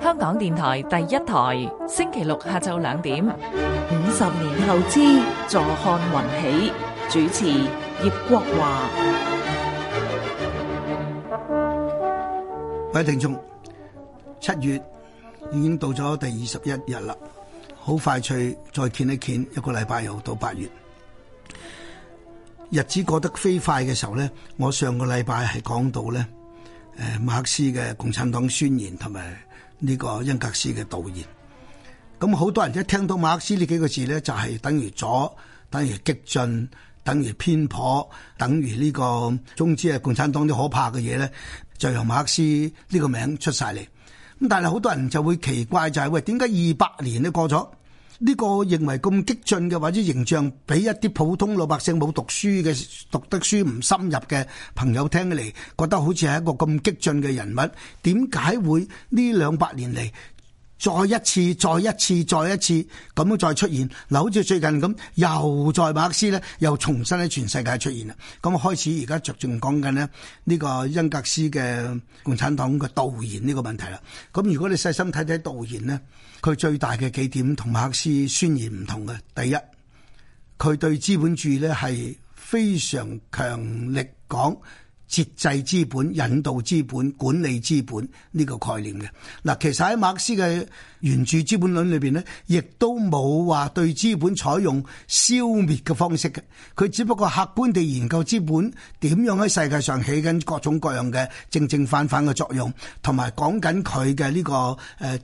香港電台第一台，星期六下晝兩點。五十年後之，坐看雲起。主持葉國華。各位聽眾，七月已經到咗第二十一日啦，好快脆再見一見，一個禮拜又到八月。日子過得飛快嘅時候咧，我上個禮拜係講到咧，誒馬克思嘅共產黨宣言同埋呢個恩格斯嘅導言。咁好多人一聽到馬克思呢幾個字咧，就係、是、等於左，等於激進，等於偏頗，等於呢、這個總之係共產黨啲可怕嘅嘢咧，就由馬克思呢個名出晒嚟。咁但係好多人就會奇怪就係喂，點解二百年都過咗？呢個認為咁激進嘅或者形象，俾一啲普通老百姓冇讀書嘅，讀得書唔深入嘅朋友聽起嚟，覺得好似係一個咁激進嘅人物，點解會呢兩百年嚟？再一次，再一次，再一次咁樣再出現嗱，好似最近咁，又在馬克思呢，又重新喺全世界出現啦。咁開始而家着重講緊咧呢個恩格斯嘅共產黨嘅導言呢個問題啦。咁如果你細心睇睇導言呢，佢最大嘅幾點同馬克思宣言唔同嘅。第一，佢對資本主義呢係非常強力講。節制資本、引導資本、管理資本呢個概念嘅嗱，其實喺馬克思嘅。原著資本論裏邊呢，亦都冇話對資本採用消滅嘅方式嘅，佢只不過客觀地研究資本點樣喺世界上起緊各種各樣嘅正正反反嘅作用，同埋講緊佢嘅呢個誒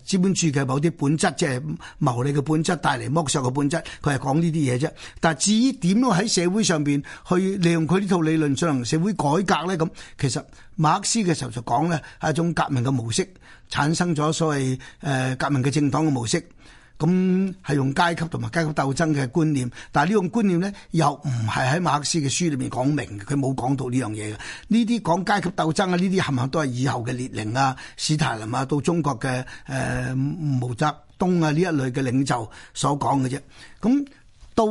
資本主義嘅某啲本質，即係牟利嘅本質，帶嚟剝削嘅本質，佢係講呢啲嘢啫。但係至於點樣喺社會上邊去利用佢呢套理論進行社會改革咧？咁其實馬克思嘅時候就講咧係一種革命嘅模式。產生咗所謂誒革命嘅政黨嘅模式，咁係用階級同埋階級鬥爭嘅觀念，但係呢種觀念咧又唔係喺馬克思嘅書裏面講明，佢冇講到呢樣嘢嘅。呢啲講階級鬥爭啊，呢啲冚唪唥都係以後嘅列寧啊、史太林啊，到中國嘅誒、呃、毛澤東啊呢一類嘅領袖所講嘅啫，咁。到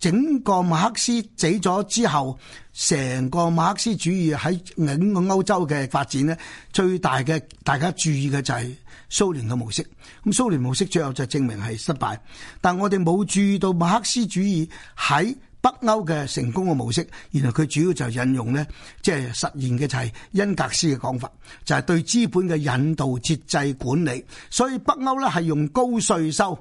整個馬克思死咗之後，成個馬克思主義喺整個歐洲嘅發展呢，最大嘅大家注意嘅就係蘇聯嘅模式。咁蘇聯模式最後就證明係失敗，但我哋冇注意到馬克思主義喺北歐嘅成功嘅模式。原來佢主要就係引用呢，即係實現嘅就係恩格斯嘅講法，就係對資本嘅引導、節制、管理。所以北歐咧，係用高稅收。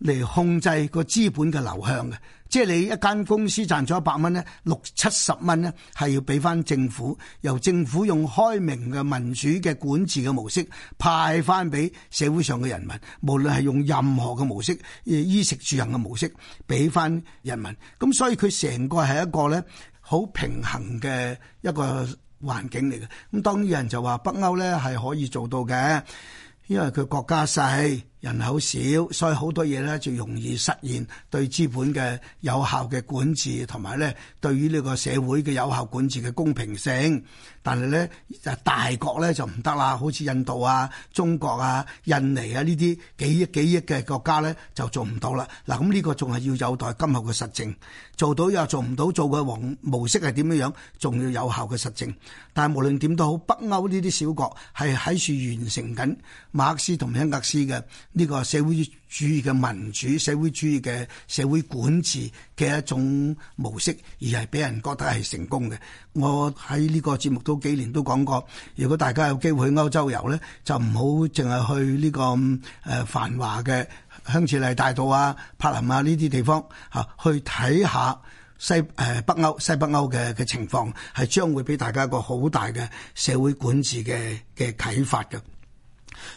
嚟控制個資本嘅流向嘅，即係你一間公司賺咗一百蚊咧，六七十蚊咧，係要俾翻政府，由政府用開明嘅民主嘅管治嘅模式派翻俾社會上嘅人民，無論係用任何嘅模式，衣食住行嘅模式俾翻人民。咁所以佢成個係一個咧好平衡嘅一個環境嚟嘅。咁當然有人就話北歐咧係可以做到嘅，因為佢國家細，人口少，所以好多嘢咧就容易實現對資本嘅有效嘅管治，同埋咧對於呢個社會嘅有效管治嘅公平性。但係咧，大國咧就唔得啦，好似印度啊、中國啊、印尼啊呢啲幾億幾億嘅國家咧就做唔到啦。嗱，咁呢個仲係要有待今後嘅實證，做到又做唔到，做嘅模式係點樣樣，仲要有效嘅實證。但係無論點都好，北歐呢啲小國係喺處完成緊馬克思同恩格斯嘅。呢個社會主義嘅民主、社會主義嘅社會管治嘅一種模式，而係俾人覺得係成功嘅。我喺呢個節目都幾年都講過，如果大家有機會去歐洲遊咧，就唔好淨係去呢個誒繁華嘅香榭麗大道啊、柏林啊呢啲地方嚇，去睇下西誒、呃、北歐、西北歐嘅嘅情況，係將會俾大家一個好大嘅社會管治嘅嘅啟發嘅。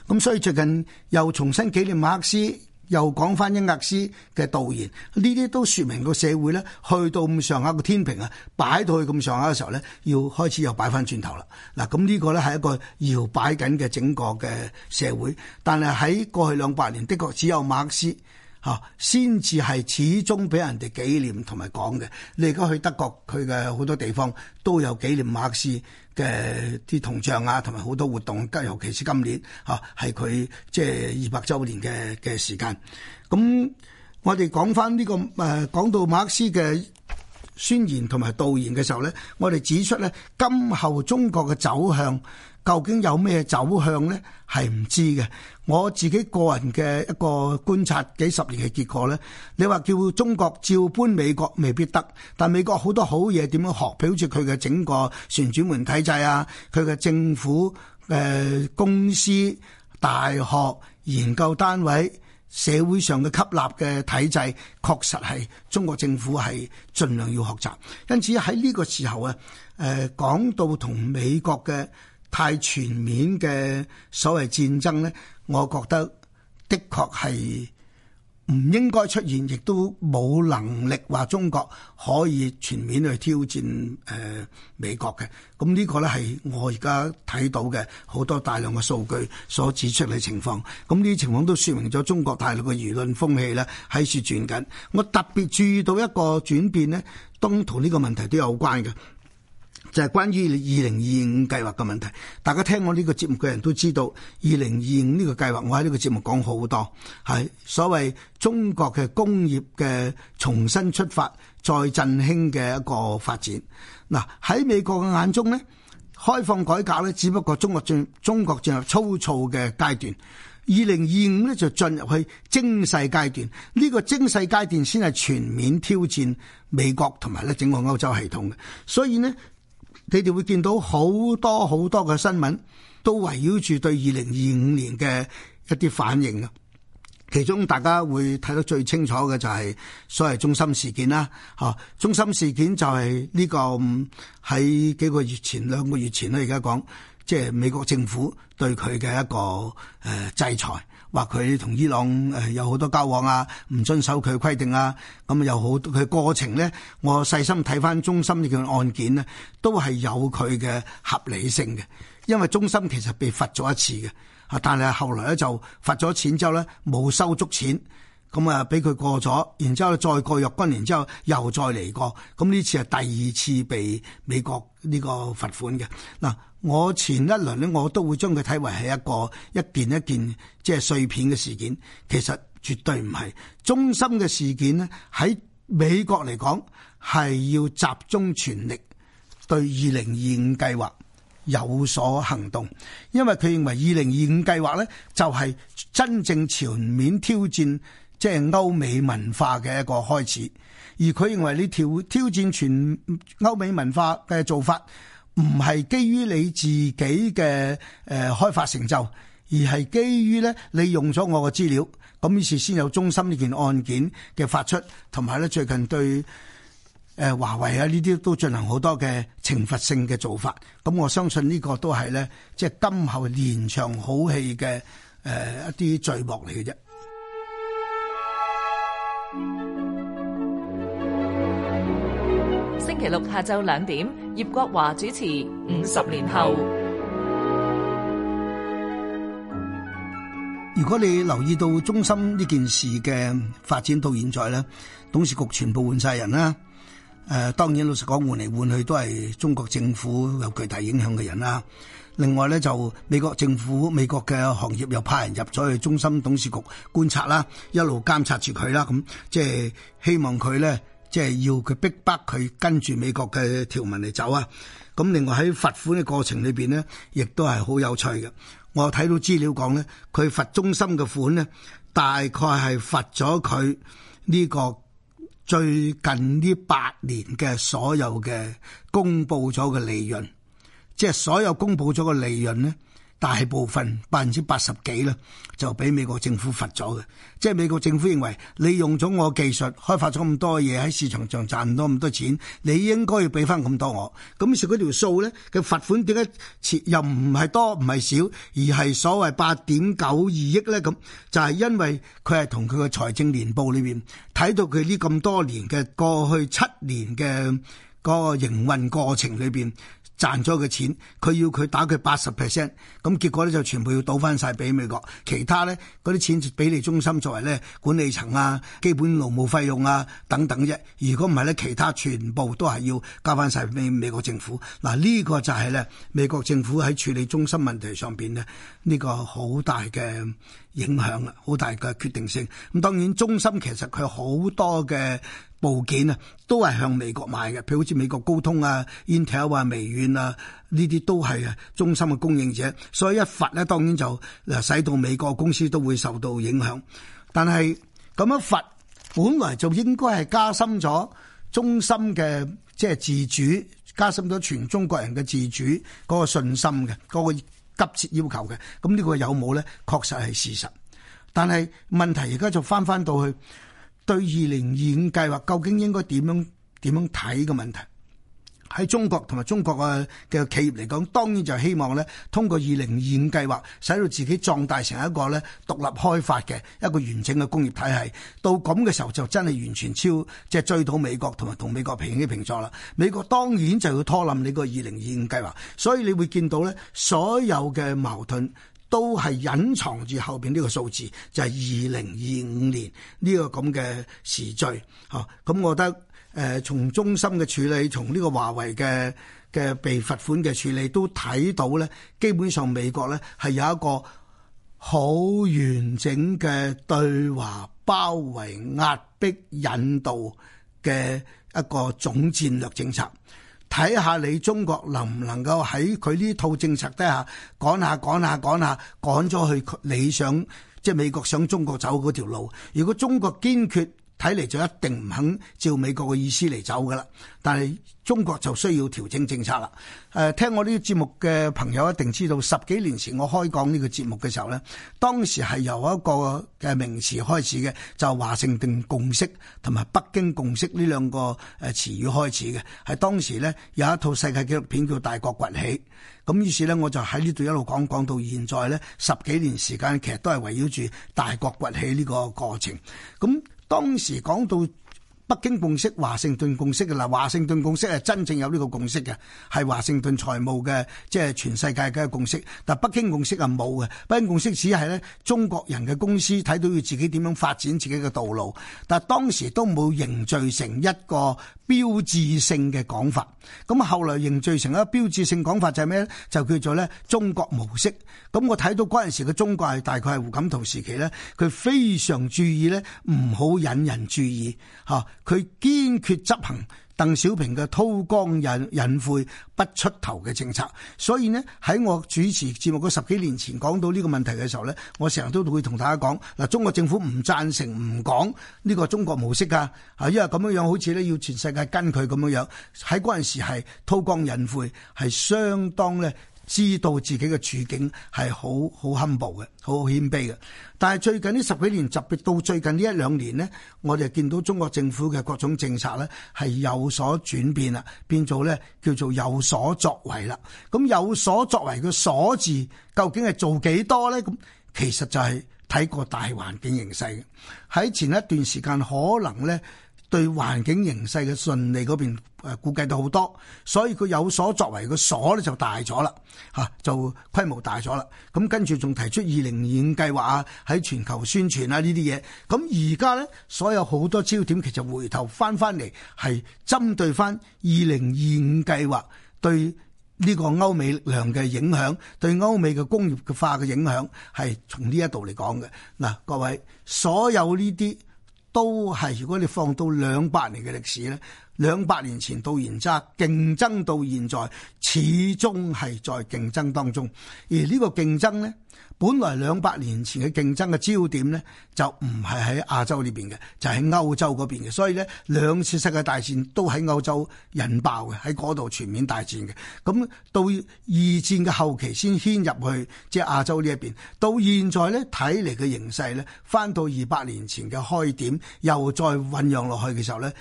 咁所以最近又重新紀念馬克思，又講翻恩格斯嘅導言，呢啲都說明個社會咧，去到咁上下個天平啊，擺到去咁上下嘅時候咧，要開始又擺翻轉頭啦。嗱，咁呢個咧係一個搖擺緊嘅整個嘅社會，但係喺過去兩百年的確只有馬克思。吓，先至係始終俾人哋紀念同埋講嘅。你而家去德國，佢嘅好多地方都有紀念馬克思嘅啲銅像啊，同埋好多活動。尤其是今年吓，係佢即係二百周年嘅嘅時間。咁我哋講翻呢個誒，講到馬克思嘅宣言同埋導言嘅時候咧，我哋指出咧，今後中國嘅走向。究竟有咩走向呢？係唔知嘅。我自己個人嘅一個觀察，幾十年嘅結果咧，你話叫中國照搬美國未必得，但美國好多好嘢，點樣學？比如佢嘅整個旋轉門體制啊，佢嘅政府、誒、呃、公司、大學、研究單位、社會上嘅吸納嘅體制，確實係中國政府係盡量要學習。因此喺呢個時候啊，誒、呃、講到同美國嘅。太全面嘅所謂戰爭咧，我覺得的確係唔應該出現，亦都冇能力話中國可以全面去挑戰誒美國嘅。咁呢個咧係我而家睇到嘅好多大量嘅數據所指出嘅情況，咁呢啲情況都說明咗中國大陸嘅輿論風氣咧喺處轉緊，我特別注意到一個轉變咧，東同呢個問題都有關嘅。就係關於二零二五計劃嘅問題，大家聽我呢個節目嘅人都知道，二零二五呢個計劃，我喺呢個節目講好多，係所謂中國嘅工業嘅重新出發，再振興嘅一個發展。嗱，喺美國嘅眼中呢，開放改革咧，只不過中國進中國進入粗糙嘅階段，二零二五咧就進入去精細階段，呢個精細階段先係全面挑戰美國同埋咧整個歐洲系統嘅，所以呢。你哋會見到好多好多嘅新聞，都圍繞住對二零二五年嘅一啲反應啦。其中大家會睇得最清楚嘅就係所謂中心事件啦。嚇，中心事件就係呢個喺幾個月前、兩個月前咧，而家講即係美國政府對佢嘅一個誒制裁。話佢同伊朗誒有好多交往啊，唔遵守佢規定啊，咁有好多佢過程呢，我細心睇翻中心呢件案件呢，都係有佢嘅合理性嘅，因為中心其實被罰咗一次嘅，啊，但係後來咧就罰咗錢之後呢，冇收足錢。咁啊，俾佢過咗，然之後再過若干年之後，又再嚟過。咁呢次係第二次被美國呢個罰款嘅。嗱，我前一輪呢，我都會將佢睇為係一個一件一件即係、就是、碎片嘅事件。其實絕對唔係中心嘅事件呢，喺美國嚟講，係要集中全力對二零二五計劃有所行動，因為佢認為二零二五計劃呢，就係真正全面挑戰。即係歐美文化嘅一個開始，而佢認為你挑挑戰全歐美文化嘅做法，唔係基於你自己嘅誒開發成就，而係基於咧你用咗我嘅資料，咁於是先有中心呢件案件嘅發出，同埋咧最近對誒華為啊呢啲都進行好多嘅懲罰性嘅做法，咁我相信呢個都係咧即係今後連場好戲嘅誒一啲序幕嚟嘅啫。星期六下晝兩點，葉國華主持《五十年後》。如果你留意到中心呢件事嘅發展到現在咧，董事局全部換晒人啦。誒、呃、當然，老實講，換嚟換去都係中國政府有巨大影響嘅人啦。另外咧，就美國政府、美國嘅行業又派人入咗去中心董事局觀察啦，一路監察住佢啦。咁、嗯、即係希望佢咧，即係要佢逼迫佢跟住美國嘅條文嚟走啊。咁、嗯、另外喺罰款嘅過程裏邊呢，亦都係好有趣嘅。我睇到資料講呢，佢罰中心嘅款呢，大概係罰咗佢呢個。最近呢八年嘅所有嘅公佈咗嘅利潤，即係所有公佈咗嘅利潤咧。大部分百分之八十幾啦，就俾美國政府罰咗嘅。即係美國政府認為你用咗我技術，開發咗咁多嘢喺市場上賺咗咁多錢，你應該要俾翻咁多我。咁所以嗰條數咧嘅罰款點解又唔係多唔係少，而係所謂八點九二億咧？咁就係因為佢係同佢嘅財政年報裏邊睇到佢呢咁多年嘅過去七年嘅個營運過程裏邊。賺咗嘅錢，佢要佢打佢八十 percent，咁結果咧就全部要倒翻晒俾美國。其他咧嗰啲錢俾你中心作為咧管理層啊、基本勞務費用啊等等啫。如果唔係咧，其他全部都係要交翻晒俾美國政府。嗱，呢個就係咧美國政府喺處理中心問題上邊呢，呢個好大嘅。影響啊，好大嘅決定性。咁當然，中心其實佢好多嘅部件啊，都係向美國買嘅，譬如好似美國高通啊、Intel 啊、微軟啊呢啲都係啊，中心嘅供應者。所以一罰咧，當然就使到美國公司都會受到影響。但係咁樣罰，本來就應該係加深咗中心嘅即係自主，加深咗全中國人嘅自主嗰個信心嘅嗰急切要求嘅，咁、這、呢個有冇咧？確實係事實，但係問題而家就返返到去對二零二五計劃，究竟應該點樣點樣睇嘅問題。喺中國同埋中國嘅嘅企業嚟講，當然就係希望咧，通過二零二五計劃，使到自己壯大成一個咧獨立開發嘅一個完整嘅工業體系。到咁嘅時候，就真係完全超即係、就是、追到美國同埋同美國平起平坐啦。美國當然就要拖冧你個二零二五計劃，所以你會見到咧，所有嘅矛盾都係隱藏住後邊呢個數字，就係二零二五年呢個咁嘅時序。嚇，咁我覺得。誒，從中心嘅處理，從呢個華為嘅嘅被罰款嘅處理都睇到咧，基本上美國咧係有一個好完整嘅對華包圍壓迫、引導嘅一個總戰略政策。睇下你中國能唔能夠喺佢呢套政策底下趕下趕下趕下趕咗去，理想即係美國想中國走嗰條路，如果中國堅決。睇嚟就一定唔肯照美國嘅意思嚟走噶啦，但係。中國就需要調整政策啦。誒、呃，聽我呢啲節目嘅朋友一定知道，十幾年前我開講呢個節目嘅時候呢，當時係由一個嘅名詞開始嘅，就華盛頓共識同埋北京共識呢兩個誒詞語開始嘅，係當時呢，有一套世界紀錄片叫《大國崛起》。咁於是呢，我就喺呢度一路講一講到現在呢，十幾年時間其實都係圍繞住大國崛起呢個過程。咁、嗯、當時講到。北京共識、華盛頓共識嘅嗱，華盛頓共識係真正有呢個共識嘅，係華盛頓財務嘅，即係全世界嘅共識。但北京共識係冇嘅，北京共識只係咧中國人嘅公司睇到要自己點樣發展自己嘅道路。但當時都冇凝聚成一個標誌性嘅講法。咁後來凝聚成一個標誌性講法就係咩咧？就叫做咧中國模式。咁我睇到嗰陣時嘅中國係大概係胡錦濤時期咧，佢非常注意咧唔好引人注意嚇。佢堅決執行鄧小平嘅韜光隱隱晦不出頭嘅政策，所以呢，喺我主持節目嗰十幾年前講到呢個問題嘅時候呢，我成日都會同大家講嗱，中國政府唔贊成唔講呢個中國模式㗎，啊，因為咁樣樣好似呢要全世界跟佢咁樣樣，喺嗰陣時係韜光隱晦係相當呢。知道自己嘅處境係好 humble 嘅，好謙卑嘅。但係最近呢十幾年，特別到最近呢一兩年呢，我哋見到中國政府嘅各種政策呢係有所轉變啦，變做呢叫做有所作為啦。咁有所作為嘅所字究竟係做幾多呢？咁其實就係睇個大環境形勢嘅。喺前一段時間可能呢……對環境形勢嘅順利嗰邊、呃，估計到好多，所以佢有所作為嘅所咧就大咗啦，嚇、啊、就規模大咗啦。咁、啊、跟住仲提出二零二五計劃啊，喺全球宣傳啊，啊呢啲嘢。咁而家咧，所有好多焦點其實回頭翻翻嚟，係針對翻二零二五計劃對呢個歐美力量嘅影響，對歐美嘅工業化嘅影響，係從呢一度嚟講嘅。嗱、啊，各位所有呢啲。都係如果你放到兩百年嘅歷史咧。兩百年前到現在，競爭到現在始終係在競爭當中。而呢個競爭呢，本來兩百年前嘅競爭嘅焦點呢，就唔係喺亞洲呢邊嘅，就喺歐洲嗰邊嘅。所以呢，兩次世界大戰都喺歐洲引爆嘅，喺嗰度全面大戰嘅。咁到二戰嘅後期先牽入去即係亞洲呢一邊。到現在呢，睇嚟嘅形勢呢，翻到二百年前嘅開點，又再醞釀落去嘅時候呢。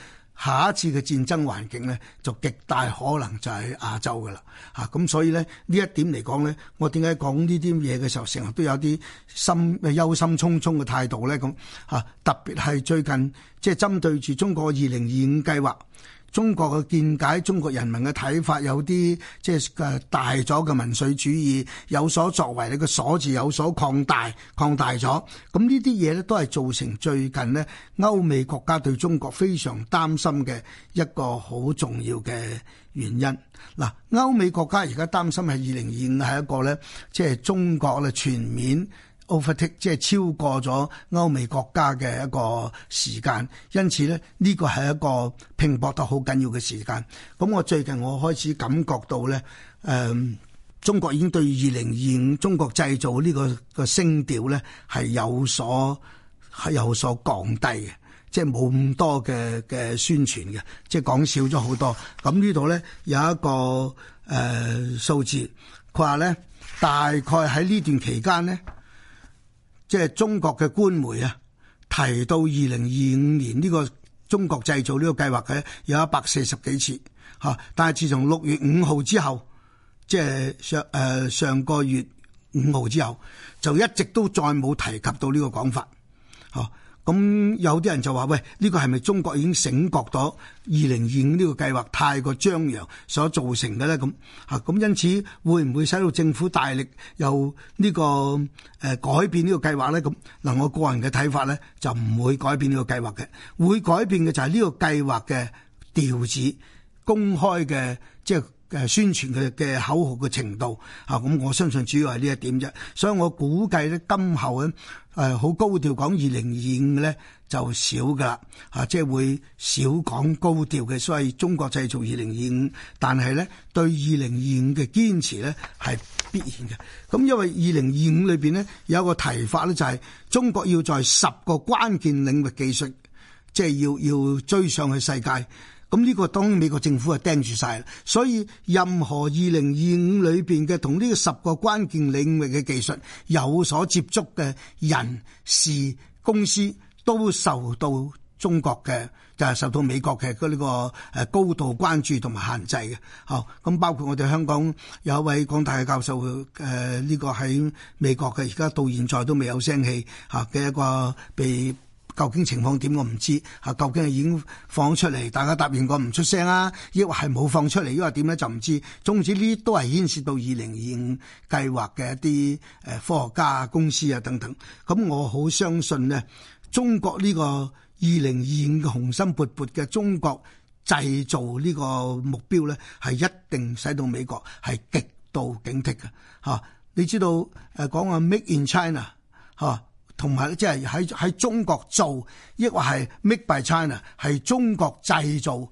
下一次嘅戰爭環境咧，就極大可能就喺亞洲噶啦，嚇、啊、咁所以咧，呢一點嚟講咧，我點解講呢啲嘢嘅時候成日都有啲心憂心忡忡嘅態度咧？咁、啊、嚇，特別係最近即係針對住中國二零二五計劃。中國嘅見解，中國人民嘅睇法有啲即係誒大咗嘅民粹主義，有所作為你，你嘅「所」字有所擴大，擴大咗。咁呢啲嘢咧都係造成最近咧歐美國家對中國非常擔心嘅一個好重要嘅原因。嗱，歐美國家而家擔心係二零二五係一個咧，即係中國咧全面。即係超過咗歐美國家嘅一個時間，因此咧呢個係一個拼搏得好緊要嘅時間。咁我最近我開始感覺到咧，誒、嗯、中國已經對二零二五中國製造呢個個聲調咧係有所係有所降低嘅，即係冇咁多嘅嘅宣傳嘅，即係講少咗好多。咁呢度咧有一個誒、呃、數字，佢話咧大概喺呢段期間咧。即係中國嘅官媒啊，提到二零二五年呢個中國製造呢個計劃嘅，有一百四十幾次，吓，但係自從六月五號之後，即係上誒、呃、上個月五號之後，就一直都再冇提及到呢個講法，吓。咁有啲人就話喂呢、這個係咪中國已經醒覺咗二零二五呢個計劃太過張揚所造成嘅咧？咁啊咁因此會唔會使到政府大力又呢、這個誒、呃、改變呢個計劃咧？咁嗱我個人嘅睇法咧就唔會改變呢個計劃嘅，會改變嘅就係呢個計劃嘅調子公開嘅即係。嘅宣傳佢嘅口號嘅程度，啊，咁我相信主要係呢一點啫。所以我估計咧，今後咧誒好高調講二零二五嘅咧就少噶啦，啊，即係會少講高調嘅，所以中國製造二零二五，但係咧對二零二五嘅堅持咧係必然嘅。咁因為二零二五裏邊呢，有一個提法咧、就是，就係中國要在十個關鍵領域技術，即係要要追上去世界。咁呢個當美國政府係盯住晒喇，所以任何二零二五裏邊嘅同呢個十個關鍵領域嘅技術有所接觸嘅人、事、公司，都受到中國嘅就係、是、受到美國嘅呢個誒高度關注同埋限制嘅。嚇，咁包括我哋香港有一位港大嘅教授，誒、呃、呢、這個喺美國嘅，而家到現在都未有聲氣嚇嘅一個被。究竟情況點，我唔知。嚇，究竟係已經放出嚟，大家答應過唔出聲啦，抑或係冇放出嚟，抑或點咧就唔知。總之呢啲都係牽涉到二零二五計劃嘅一啲誒科學家、公司啊等等。咁我好相信呢，中國呢個二零二五嘅雄心勃勃嘅中國製造呢個目標咧，係一定使到美國係極度警惕嘅嚇、啊。你知道誒、啊、講話 Make in China 嚇、啊。同埋即係喺喺中國做，抑或係 make by China 係中國製造。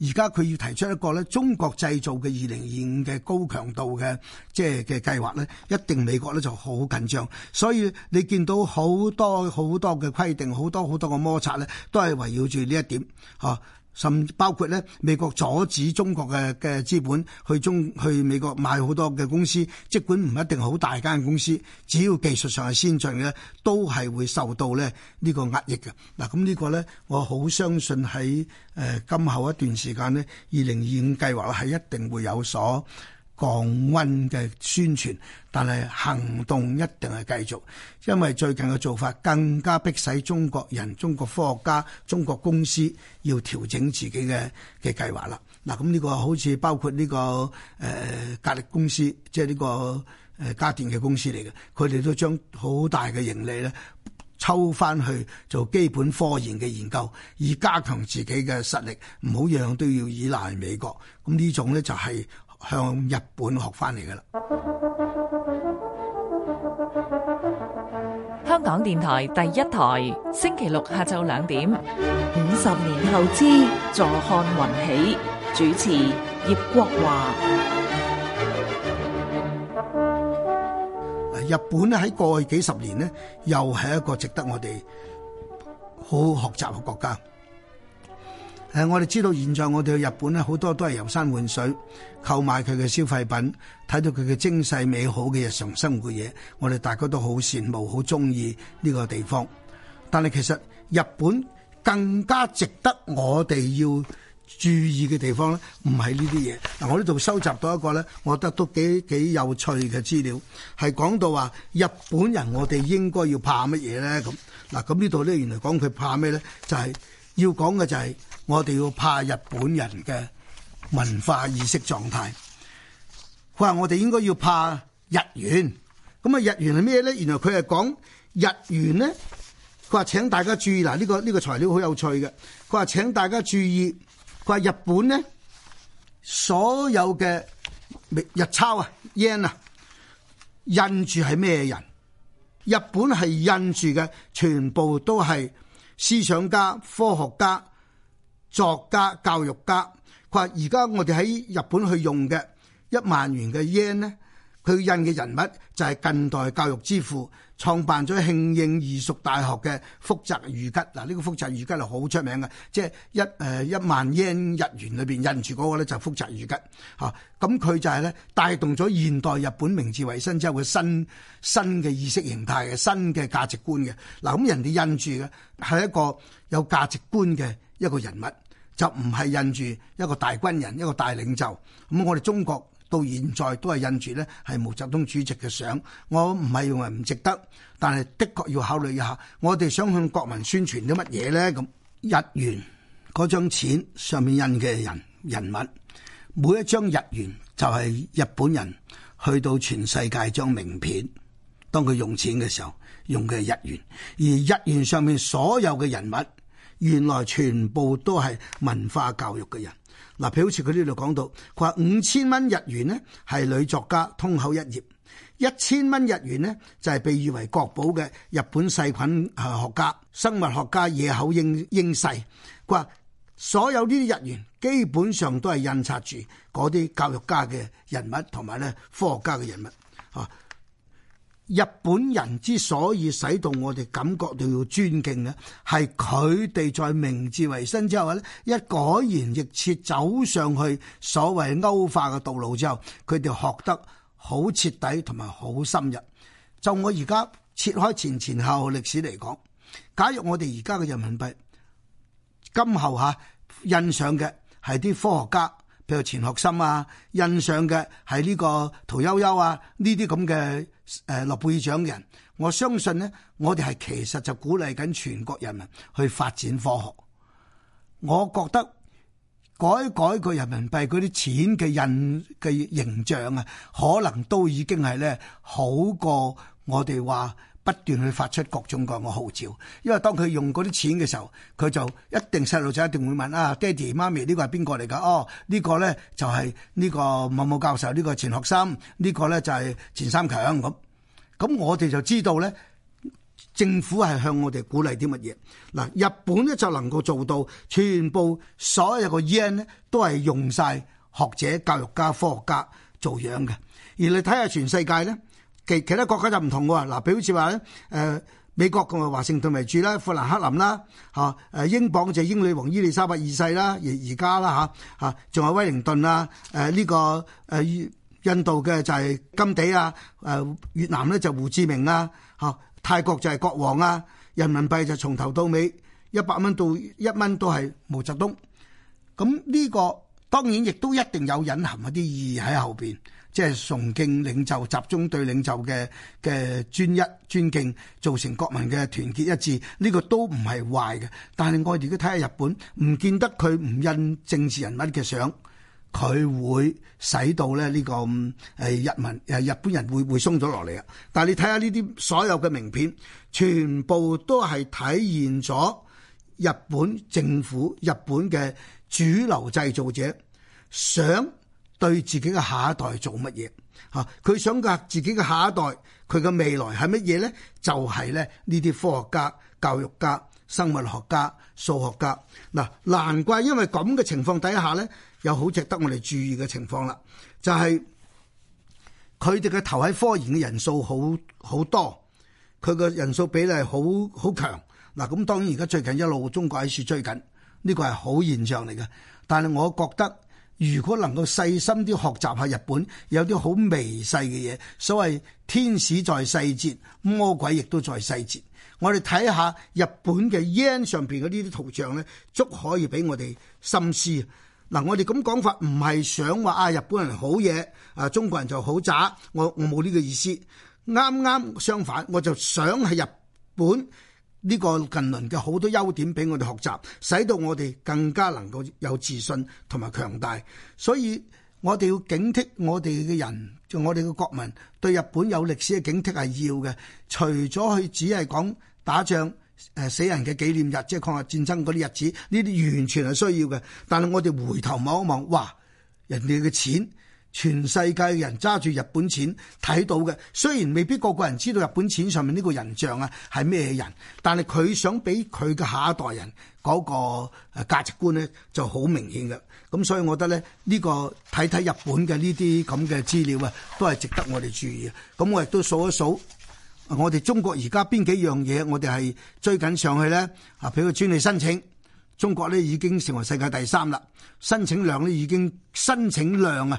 而家佢要提出一個咧，中國製造嘅二零二五嘅高強度嘅即係嘅計劃咧，一定美國咧就好緊張。所以你見到好多好多嘅規定，好多好多嘅摩擦咧，都係圍繞住呢一點，嚇。甚至包括咧，美國阻止中國嘅嘅資本去中去美國買好多嘅公司，即管唔一定好大間公司，只要技術上係先進嘅，都係會受到咧呢個壓抑嘅。嗱，咁呢個咧，我好相信喺誒今後一段時間呢，二零二五計劃係一定會有所降温嘅宣傳，但係行動一定係繼續，因為最近嘅做法更加迫使中國人、中國科學家、中國公司要調整自己嘅嘅計劃啦。嗱，咁呢個好似包括呢個誒格力公司，即係呢個誒家電嘅公司嚟嘅，佢哋都將好大嘅盈利咧抽翻去做基本科研嘅研究，以加強自己嘅實力，唔好樣樣都要依賴美國。咁呢種咧就係、是。向日本學翻嚟㗎喇！香港電台第一台，星期六下晝兩點，五十年後之坐看雲起，主持葉國華。日本呢喺過去幾十年呢，又係一個值得我哋好好學習嘅國家。誒，我哋知道現在我哋去日本咧，好多都係遊山玩水，購買佢嘅消費品，睇到佢嘅精細美好嘅日常生活嘅嘢，我哋大家都好羨慕，好中意呢個地方。但係其實日本更加值得我哋要注意嘅地方咧，唔係呢啲嘢嗱。我呢度收集到一個咧，我覺得都幾幾有趣嘅資料，係講到話日本人我哋應該要怕乜嘢咧咁嗱。咁呢度咧原來講佢怕咩咧？就係要講嘅就係。我哋要怕日本人嘅文化意識狀態，佢話我哋應該要怕日元。咁啊，日元係咩咧？原來佢係講日元咧。佢話請大家注意，嗱，呢個呢個材料好有趣嘅。佢話請大家注意，佢話日本咧所有嘅日鈔啊 yen 啊印住係咩人？日本係印住嘅全部都係思想家、科學家作家、教育家，佢話：而家我哋喺日本去用嘅一萬元嘅 yen 呢，佢印嘅人物就係近代教育之父，創辦咗慶應義塾大學嘅福澤諭吉。嗱，呢個福澤諭吉係好出名嘅，即係一誒，一萬 yen 日元裏邊印住嗰個咧就福澤諭吉嚇。咁佢就係咧帶動咗現代日本明治維新之後嘅新新嘅意識形態嘅新嘅價值觀嘅。嗱，咁人哋印住嘅係一個有價值觀嘅。一個人物，就唔係印住一個大軍人、一個大領袖咁，我哋中國到現在都係印住咧係毛澤東主席嘅相。我唔係認為唔值得，但係的確要考慮一下，我哋想向國民宣傳啲乜嘢咧？咁日元嗰張錢上面印嘅人人物，每一張日元就係日本人去到全世界張名片，當佢用錢嘅時候用嘅係日元，而日元上面所有嘅人物。原來全部都係文化教育嘅人，嗱譬如好似佢呢度講到，佢話五千蚊日元呢係女作家樋口一葉，一千蚊日元呢就係被譽為國寶嘅日本細菌學家、生物學家野口英英世，佢話所有呢啲日元基本上都係印刷住嗰啲教育家嘅人物同埋咧科學家嘅人物啊。日本人之所以使到我哋感覺到要尊敬嘅，係佢哋在明治維新之後咧，一改然亦切走上去所謂歐化嘅道路之後，佢哋學得好徹底同埋好深入。就我而家切開前前後後歷史嚟講，假如我哋而家嘅人民幣今後吓印上嘅係啲科學家，譬如錢學森啊，印上嘅係呢個屠呦呦啊，呢啲咁嘅。誒、諾貝爾獎嘅人，我相信呢，我哋係其實就鼓勵緊全國人民去發展科學。我覺得改改佢人民幣嗰啲錢嘅印嘅形象啊，可能都已經係咧好過我哋話。不斷去發出各種各樣嘅號召，因為當佢用嗰啲錢嘅時候，佢就一定細路仔一定會問啊，爹哋媽咪呢個係邊個嚟噶？哦，這個、呢、就是、個咧就係呢個某某教授，這個這個、呢個錢學森，呢個咧就係、是、錢三強咁。咁我哋就知道咧，政府係向我哋鼓勵啲乜嘢？嗱，日本咧就能夠做到，全部所有個 E N 呢，都係用晒學者、教育家、科學家做樣嘅。而你睇下全世界咧。其其他國家就唔同喎，嗱，比如好似話誒美國咁啊，華盛頓為主啦，富蘭克林啦，嚇、啊、誒英鎊就英女王伊麗莎白二世啦，而而家啦嚇嚇，仲、啊、有威靈頓啊，誒、這、呢個誒、啊、印度嘅就係甘地啊，誒越南呢就胡志明啊，嚇泰國就係國王啊，人民幣就從頭到尾一百蚊到一蚊都係毛澤東，咁呢個當然亦都一定有隱含一啲意義喺後邊。即係崇敬領袖，集中對領袖嘅嘅專一尊敬，造成國民嘅團結一致，呢個都唔係壞嘅。但係我哋而家睇下日本，唔見得佢唔印政治人物嘅相，佢會使到咧呢個係日民係日本人會會鬆咗落嚟啊！但係你睇下呢啲所有嘅名片，全部都係體現咗日本政府、日本嘅主流製造者想。對自己嘅下一代做乜嘢？吓、啊，佢想嘅自己嘅下一代，佢嘅未來係乜嘢咧？就係、是、咧呢啲科學家、教育家、生物學家、數學家。嗱、啊，難怪因為咁嘅情況底下咧，有好值得我哋注意嘅情況啦。就係佢哋嘅投喺科研嘅人數好好多，佢嘅人數比例好好強。嗱、啊，咁、嗯、當然而家最近一路中國喺處追緊，呢、這個係好現象嚟嘅。但係我覺得。如果能夠細心啲學習下日本，有啲好微細嘅嘢，所謂天使在細節，魔鬼亦都在細節。我哋睇下日本嘅 Yen 上邊嗰啲啲圖像咧，足可以俾我哋深思。嗱，我哋咁講法唔係想話啊，日本人好嘢啊，中國人就好渣。我我冇呢個意思，啱啱相反，我就想喺日本。呢個近鄰嘅好多優點俾我哋學習，使到我哋更加能夠有自信同埋強大。所以我哋要警惕我哋嘅人，就我哋嘅國民對日本有歷史嘅警惕係要嘅。除咗佢只係講打仗，誒、呃、死人嘅紀念日，即係抗日戰爭嗰啲日子，呢啲完全係需要嘅。但係我哋回頭望一望，哇，人哋嘅錢。全世界嘅人揸住日本錢睇到嘅，雖然未必個個人知道日本錢上面呢個人像啊係咩人，但係佢想俾佢嘅下一代人嗰個價值觀咧就好明顯嘅。咁所以我覺得咧呢呢個睇睇日本嘅呢啲咁嘅資料啊，都係值得我哋注意。咁我亦都數一數我哋中國而家邊幾樣嘢，我哋係追緊上去呢？啊，譬如專利申請，中國呢已經成為世界第三啦，申請量咧已經申請量啊！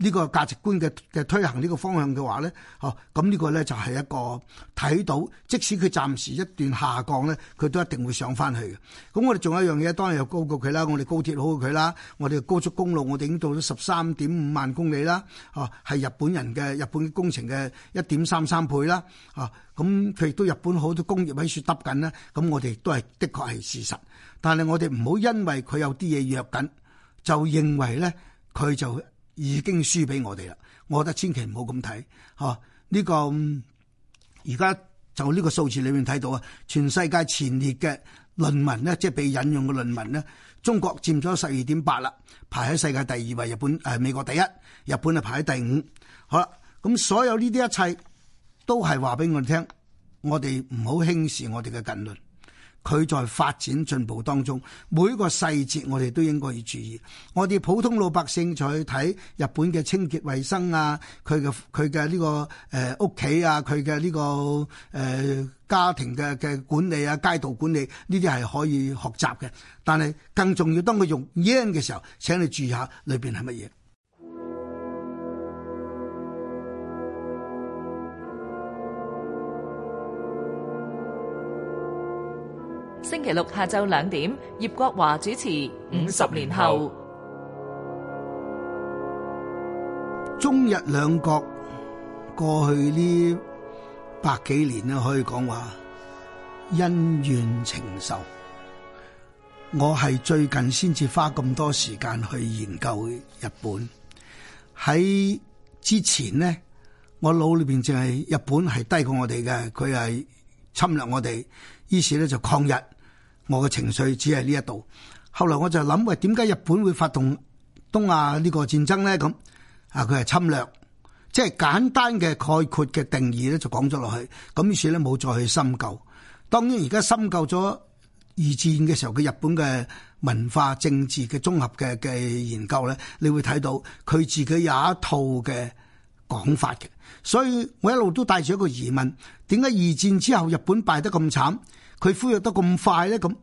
呢個價值觀嘅嘅推行呢個方向嘅話咧，哦咁呢個咧就係一個睇到，即使佢暫時一段下降咧，佢都一定會上翻去嘅。咁我哋仲有一樣嘢，當然又高過佢啦。我哋高鐵好過佢啦，我哋高速公路我哋已經到咗十三點五萬公里啦，哦係日本人嘅日本工程嘅一點三三倍啦，啊咁佢亦都日本好多工業喺雪揼緊咧，咁我哋都係的確係事實。但係我哋唔好因為佢有啲嘢弱緊，就認為咧佢就已經輸俾我哋啦，我覺得千祈唔好咁睇，嚇、啊、呢、呢個而家、嗯、就呢個數字裏面睇到啊，全世界前列嘅論文咧，即係被引用嘅論文咧，中國佔咗十二點八啦，排喺世界第二位，日本誒、呃、美國第一，日本係排喺第五。好啦，咁所有呢啲一切都係話俾我哋聽，我哋唔好輕視我哋嘅近鄰。佢在發展進步當中，每一個細節我哋都應該要注意。我哋普通老百姓去睇日本嘅清潔衞生啊，佢嘅佢嘅呢個誒屋企啊，佢嘅呢個誒家庭嘅嘅管理啊，街道管理呢啲係可以學習嘅。但係更重要，當佢用扔嘅時候，請你注意下裏邊係乜嘢。星期六下晝兩點，葉國華主持《五十年後》。中日兩國過去呢百幾年咧，可以講話恩怨情仇。我係最近先至花咁多時間去研究日本。喺之前咧，我腦裏邊淨係日本係低過我哋嘅，佢係侵略我哋，於是咧就抗日。我嘅情緒只係呢一度，後來我就諗喂，點解日本會發動東亞呢個戰爭咧？咁啊，佢係侵略，即係簡單嘅概括嘅定義咧，就講咗落去。咁於是咧冇再去深究。當然而家深究咗二戰嘅時候，佢日本嘅文化、政治嘅綜合嘅嘅研究咧，你會睇到佢自己有一套嘅講法嘅。所以我一路都帶住一個疑問：點解二戰之後日本敗得咁慘？佢恢復得咁快咧，咁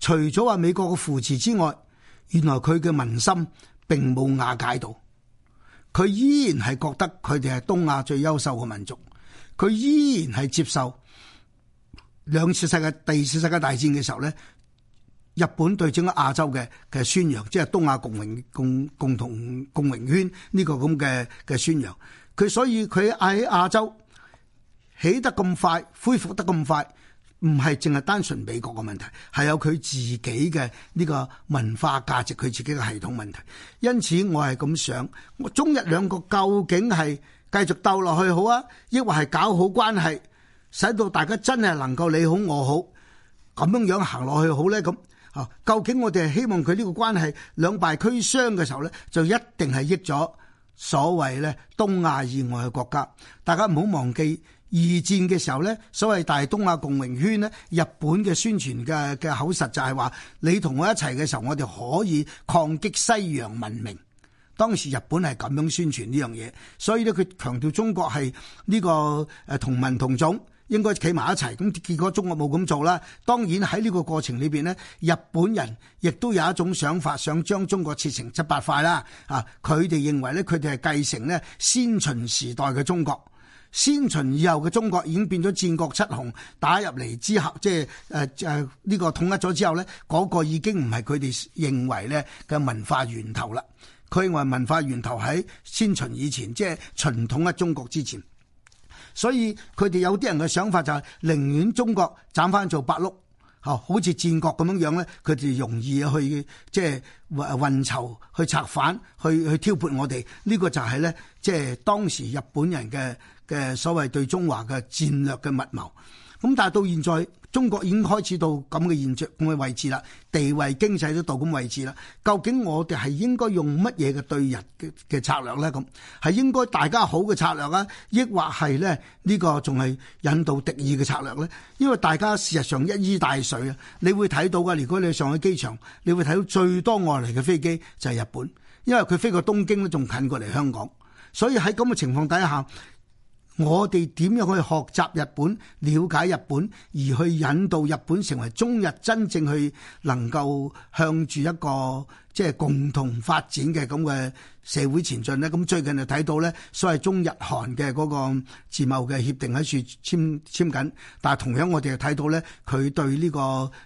除咗話美國嘅扶持之外，原來佢嘅民心並冇瓦解到，佢依然係覺得佢哋係東亞最優秀嘅民族，佢依然係接受兩次世界第二次世界大戰嘅時候咧，日本對整個亞洲嘅嘅宣揚，即係東亞共榮共共同共榮圈呢個咁嘅嘅宣揚。佢所以佢喺亞洲起得咁快，恢復得咁快。唔係淨係單純美國嘅問題，係有佢自己嘅呢個文化價值，佢自己嘅系統問題。因此我係咁想，中日兩國究竟係繼續鬥落去好啊，抑或係搞好關係，使到大家真係能夠你好我好咁樣樣行落去好咧？咁啊，究竟我哋係希望佢呢個關係兩敗俱傷嘅時候咧，就一定係益咗所謂咧東亞以外嘅國家。大家唔好忘記。二戰嘅時候呢，所謂大東亞共榮圈呢，日本嘅宣傳嘅嘅口實就係話，你同我一齊嘅時候，我哋可以抗擊西洋文明。當時日本係咁樣宣傳呢樣嘢，所以呢，佢強調中國係呢個誒同文同種，應該企埋一齊。咁結果中國冇咁做啦。當然喺呢個過程裏邊呢，日本人亦都有一種想法，想將中國切成七八塊啦。啊，佢哋認為呢，佢哋係繼承呢先秦時代嘅中國。先秦以後嘅中國已經變咗戰國七雄打入嚟之後，即係誒誒呢個統一咗之後咧，嗰、嗰個已經唔係佢哋認為咧嘅文化源頭啦。佢認為文化源頭喺先秦以前，即係秦統一中國之前，所以佢哋有啲人嘅想法就係寧願中國斬翻做八碌。哦，好似戰國咁樣樣咧，佢哋容易去即係運籌、去策反、去去挑撥我哋。呢個就係咧，即係當時日本人嘅嘅所謂對中華嘅戰略嘅密謀。咁但係到現在，中國已經開始到咁嘅現象，咁嘅位置啦，地位、經濟都到咁位置啦。究竟我哋係應該用乜嘢嘅對日嘅嘅策略咧？咁係應該大家好嘅策略咧，抑或係咧呢個仲係引導敵意嘅策略咧？因為大家事實上一衣帶水啊，你會睇到嘅。如果你上去上海機場，你會睇到最多外嚟嘅飛機就係日本，因為佢飛過東京都仲近過嚟香港，所以喺咁嘅情況底下。我哋點樣去學習日本，了解日本，而去引導日本成為中日真正去能夠向住一個。即係共同發展嘅咁嘅社會前進咧，咁最近就睇到咧，所謂中日韓嘅嗰個自貿嘅協定喺處簽簽緊，但係同樣我哋又睇到咧、這個，佢對呢個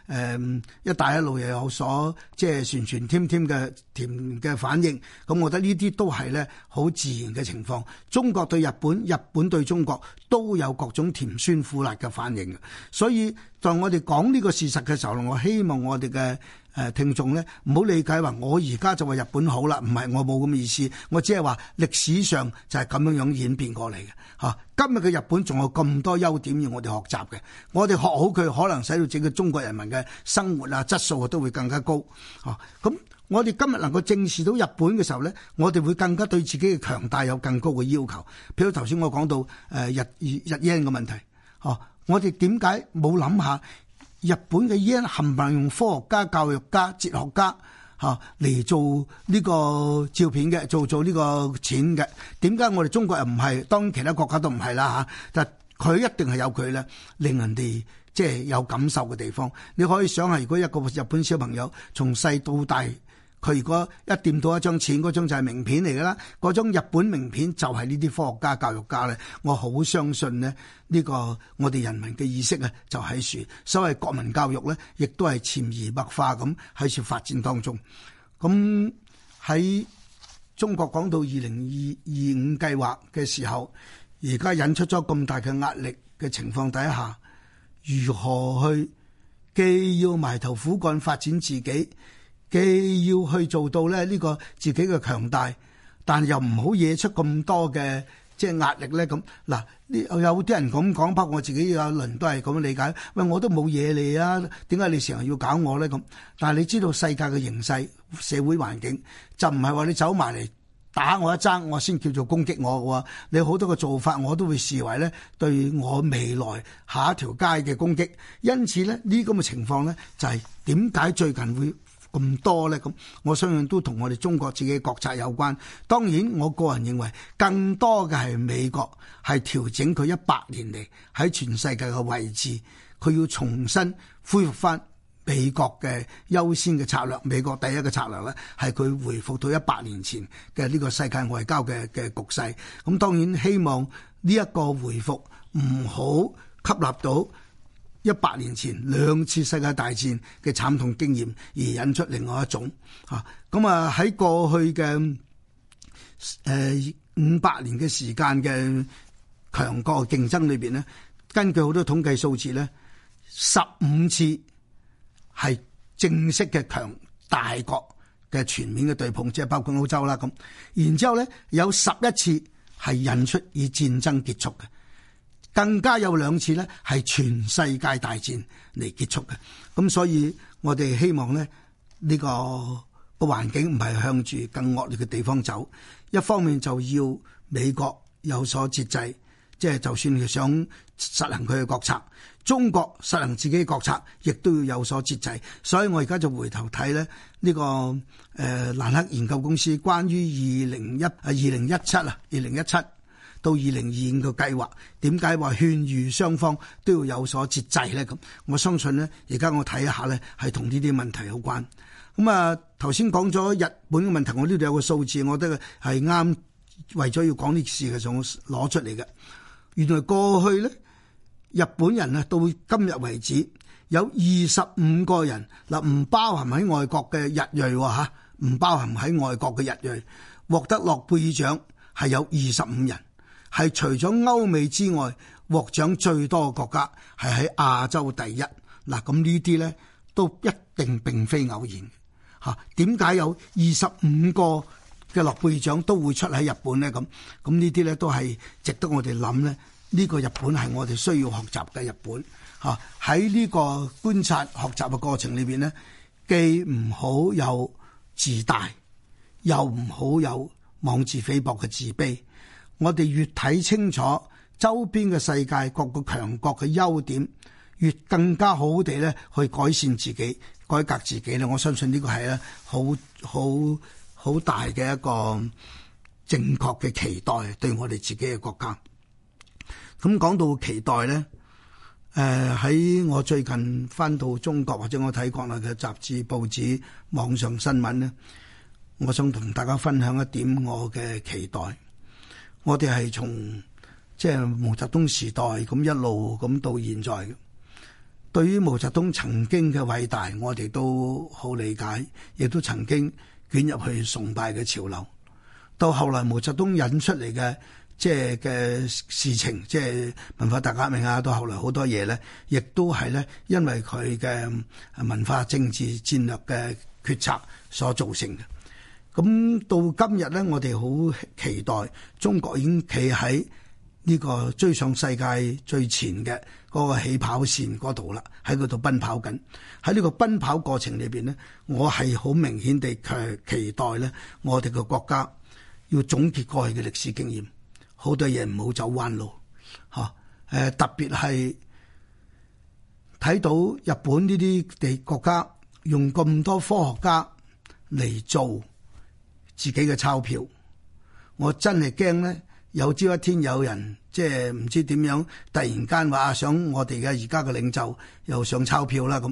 誒一帶一路又有所即係、就是、旋旋添添添甜甜嘅甜嘅反應。咁我覺得呢啲都係咧好自然嘅情況。中國對日本，日本對中國都有各種甜酸苦辣嘅反應嘅。所以當我哋講呢個事實嘅時候，我希望我哋嘅。誒聽眾呢，唔好理解話我而家就話日本好啦，唔係我冇咁嘅意思，我只係話歷史上就係咁樣樣演變過嚟嘅嚇。今日嘅日本仲有咁多優點要我哋學習嘅，我哋學好佢，可能使到整個中國人民嘅生活啊質素啊都會更加高嚇。咁、啊、我哋今日能夠正視到日本嘅時候呢，我哋會更加對自己嘅強大有更高嘅要求。譬如頭先我講到誒日、日日英嘅問題嚇、啊，我哋點解冇諗下？日本嘅嘢，冚唪唥用科學家、教育家、哲學家嚇嚟做呢個照片嘅，做做呢個錢嘅。點解我哋中國人唔係？當然其他國家都唔係啦嚇。但佢一定係有佢咧，令人哋即係有感受嘅地方。你可以想下，如果一個日本小朋友從細到大。佢如果一掂到一張錢，嗰張就係名片嚟噶啦。嗰張日本名片就係呢啲科學家、教育家咧。我好相信咧，呢個我哋人民嘅意識啊，就喺樹所謂國民教育咧，亦都係潛移默化咁喺處發展當中。咁喺中國講到二零二二五計劃嘅時候，而家引出咗咁大嘅壓力嘅情況底下，如何去既要埋頭苦幹發展自己？既要去做到咧呢，這個自己嘅強大，但又唔好惹出咁多嘅即係壓力咧。咁嗱，有有啲人咁講，包括我自己阿倫都係咁理解。喂，我都冇惹你啊，點解你成日要搞我咧？咁但係你知道世界嘅形勢、社會環境就唔係話你走埋嚟打我一爭，我先叫做攻擊我嘅喎。你好多嘅做法我都會視為咧對我未來下一條街嘅攻擊。因此咧呢，咁嘅情況咧就係點解最近會。咁多咧，咁我相信都同我哋中國自己嘅國策有關。當然，我個人認為更多嘅係美國係調整佢一百年嚟，喺全世界嘅位置，佢要重新恢復翻美國嘅優先嘅策略。美國第一個策略咧，係佢回復到一百年前嘅呢個世界外交嘅嘅局勢。咁當然希望呢一個回復唔好吸納到一百年前兩次世界大戰嘅慘痛經驗而引出另外一種嚇。咁啊喺、啊、過去嘅誒五百年嘅時間嘅強國競爭裏邊咧，根據好多統計數字咧，十五次係正式嘅強大國嘅全面嘅對碰，即係包括歐洲啦咁、啊，然之後咧有十一次係引出以戰爭結束嘅。更加有兩次咧，係全世界大戰嚟結束嘅。咁所以我哋希望咧，呢個個環境唔係向住更惡劣嘅地方走。一方面就要美國有所節制，即係就算想實行佢嘅國策，中國實行自己嘅國策，亦都要有所節制。所以我而家就回頭睇咧，呢個誒蘭克研究公司關於二零一啊二零一七啊二零一七。到二零二五嘅計劃，點解話勸喻雙方都要有所節制咧？咁我相信咧，而家我睇一下咧，係同呢啲問題有關，咁啊，頭先講咗日本嘅問題，我呢度有個數字，我覺得係啱為咗要講呢事嘅，想攞出嚟嘅。原來過去咧，日本人啊，到今日為止有二十五個人嗱，唔包含喺外國嘅日裔吓，唔包含喺外國嘅日裔獲得諾貝爾獎係有二十五人。係除咗歐美之外，獲獎最多嘅國家係喺亞洲第一。嗱，咁呢啲咧都一定並非偶然。吓、啊，點解有二十五個嘅諾貝爾獎都會出喺日本咧？咁咁呢啲咧都係值得我哋諗咧。呢個日本係我哋需要學習嘅日本。吓、啊，喺呢個觀察學習嘅過程裏邊咧，既唔好有自大，又唔好有妄自菲薄嘅自卑。我哋越睇清楚周邊嘅世界各個強國嘅優點，越更加好好地咧去改善自己、改革自己啦。我相信呢個係咧好好好大嘅一個正確嘅期，期待，對我哋自己嘅國家。咁講到期待咧，誒喺我最近返到中國或者我睇國內嘅雜誌、報紙、網上新聞呢，我想同大家分享一點我嘅期待。我哋係從即係毛澤東時代咁一路咁到現在，對於毛澤東曾經嘅偉大，我哋都好理解，亦都曾經捲入去崇拜嘅潮流。到後來毛澤東引出嚟嘅即係嘅事情，即係文化大革命啊，到後來好多嘢咧，亦都係咧因為佢嘅文化政治戰略嘅決策所造成嘅。咁到今日咧，我哋好期待中國已經企喺呢個追上世界最前嘅個起跑線嗰度啦，喺嗰度奔跑緊。喺呢個奔跑過程裏邊咧，我係好明顯地期待咧，我哋個國家要總結過去嘅歷史經驗，好多嘢唔好走彎路吓誒。特別係睇到日本呢啲地國家用咁多科學家嚟做自己嘅鈔票，我真係驚咧，有朝一天有人即係唔知點樣突然間話想我哋嘅而家嘅領袖又上鈔票啦咁，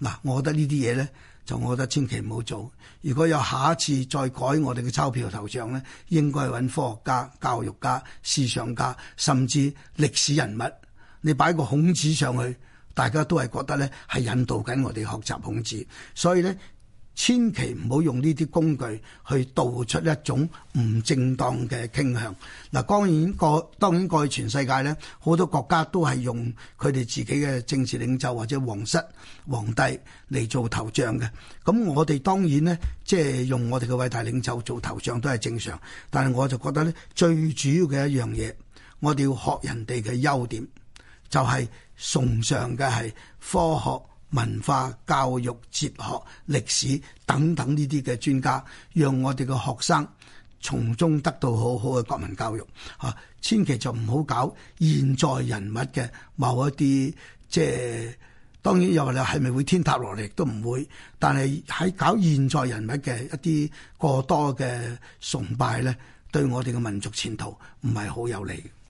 嗱，我覺得呢啲嘢咧，就我覺得千祈唔好做。如果有下一次再改我哋嘅鈔票頭像咧，應該係揾科學家、教育家、思想家，甚至歷史人物，你擺個孔子上去，大家都係覺得咧係引導緊我哋學習孔子，所以咧。千祈唔好用呢啲工具去道出一種唔正當嘅傾向。嗱，當然過當然過去全世界咧，好多國家都係用佢哋自己嘅政治領袖或者皇室、皇帝嚟做頭像嘅。咁我哋當然咧，即係用我哋嘅偉大領袖做頭像都係正常。但係我就覺得咧，最主要嘅一樣嘢，我哋要學人哋嘅優點，就係崇尚嘅係科學。文化、教育、哲學、歷史等等呢啲嘅專家，讓我哋嘅學生從中得到好好嘅國民教育。啊，千祈就唔好搞現在人物嘅某一啲，即係當然又話你係咪會天塌落嚟都唔會，但係喺搞現在人物嘅一啲過多嘅崇拜咧，對我哋嘅民族前途唔係好有利。